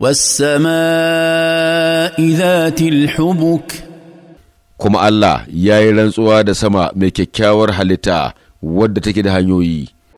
والسماء ذات الحبك kuma Allah ya yi rantsuwa da sama mai kyakkyawar halitta wadda take da hanyoyi.